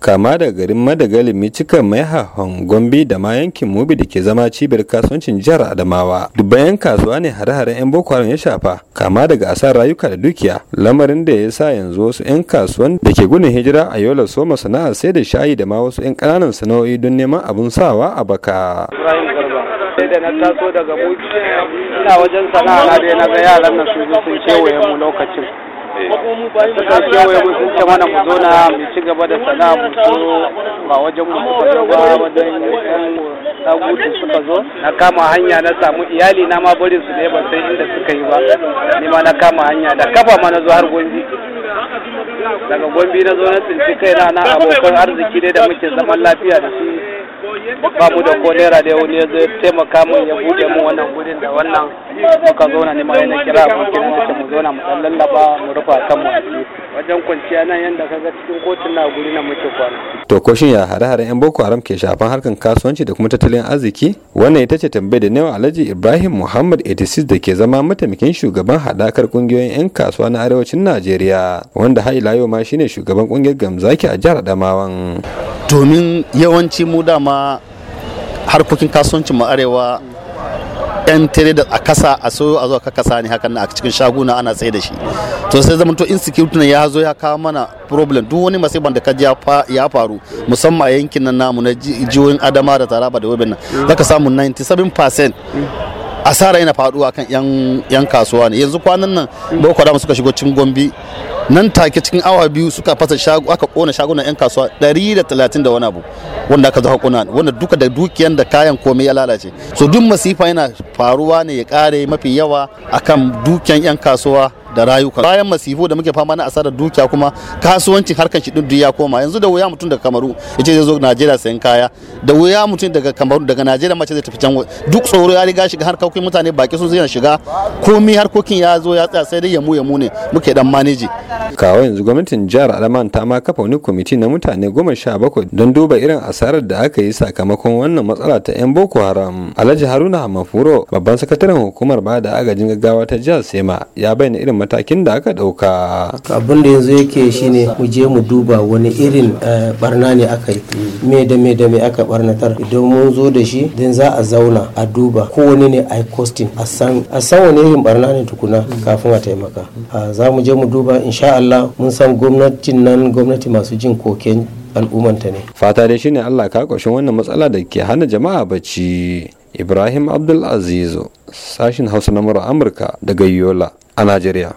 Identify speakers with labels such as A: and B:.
A: kama da garin madagalin micika mai hahon gombe da ma yankin mubi da ke zama cibiyar kasuwancin jihar adamawa dubban yan kasuwa ne hare-haren yan boko haram ya shafa kama daga asar rayuka da dukiya lamarin da ya sa yanzu wasu yan kasuwan da ke gudun hijira a yola soma sana'ar sai da shayi da ma wasu yan ƙananan sana'o'i don neman abun sawa a baka
B: da na taso daga ina wajen sana'a na dai na ga yaran nan su sun kewaye mu lokacin suka kewaye mu sun mana mu zo na mu ci gaba da sana'a mu zo ba wajen mu suka zo ba wajen yan tagutu suka zo na kama hanya na samu iyali na ma barin su ne ban san inda suka yi ba ni ma na kama hanya da kafa ma na zo har gwanji daga gwanbi na zo na tsinci kaina na abokan arziki ne da muke zaman lafiya da su Babu da ko naira da yau ne zai taimaka min ya bude mu wannan gurin da wannan muka zauna ne mai na kira abokin mu ce mu zauna mu da lallaba mu rufa kanmu wajen kwanciya nan yanda kaga cikin kotun na guri na muke
A: kwana to ko shin ya hare-haren yan boko haram ke shafan harkan kasuwanci da kuma tattalin arziki wannan ita ce tambayar da nawa alhaji ibrahim muhammad 86 da ke zama mataimakin shugaban hadakar kungiyoyin yan kasuwa na arewacin najeriya wanda har ila yau ma shine shugaban kungiyar gamzaki a jihar adamawan
C: domin yawanci mu dama harkokin kasuwancin mu arewa yan da a kasa a so a zo ka kasa ne hakan a cikin shaguna ana tsaye da shi to sai zama to insecurity ya zo ya kawo mana problem duk wani masiban da ka ya faru musamman a yankin nan namu na jihohin Adama da Taraba da Yobe nan zaka samu 97% asara yana faduwa kan yan kasuwa ne yanzu kwanan nan boko haram suka shigo cin gombe nan take cikin awa biyu suka fasa shago aka kona shagunan yan kasuwa 130 da wani abu wanda aka zaka kona wanda duka da dukiyan da kayan komai ya lalace so duk masifa yana faruwa ne ya kare mafi yawa akan dukiyan yan kasuwa da rayuka bayan masifo da muke fama na asarar dukiya kuma kasuwancin harkar shi duk ya koma yanzu da wuya mutum daga kamaru ya ce zai zo najeriya sayan kaya da wuya mutum daga kamaru daga najeriya mace zai tafi can duk tsoro ya riga shiga harkokin mutane baki sun zai shiga komai harkokin ya zo ya tsaya sai dai yamu yamu ne muke dan maneji
A: kawo yanzu gwamnatin jihar alaman ta ma kafa wani kwamiti na mutane goma sha bakwai don duba irin asarar da aka yi sakamakon wannan matsala ta yan boko haram alhaji haruna mafuro babban sakataren hukumar ba da agajin gaggawa ta jihar sema ya bayyana irin matakin da aka ɗauka.
D: abin da yanzu yake shine mu je mu duba wani irin barna eh, ne aka yi me da me da me aka barnatar idan mun zo da shi dan za a zauna a duba kowane ne a kostin a san wani irin barna ne tukuna kafin a taimaka za mu je mu duba insha Allah mun san gwamnatin nan gwamnati masu jin koken al'ummanta ne
A: fata dai shine Allah ka wannan matsala da ke hana jama'a bacci Ibrahim Abdulazizu sashin Hausa na Amurka daga Yola a Najeriya.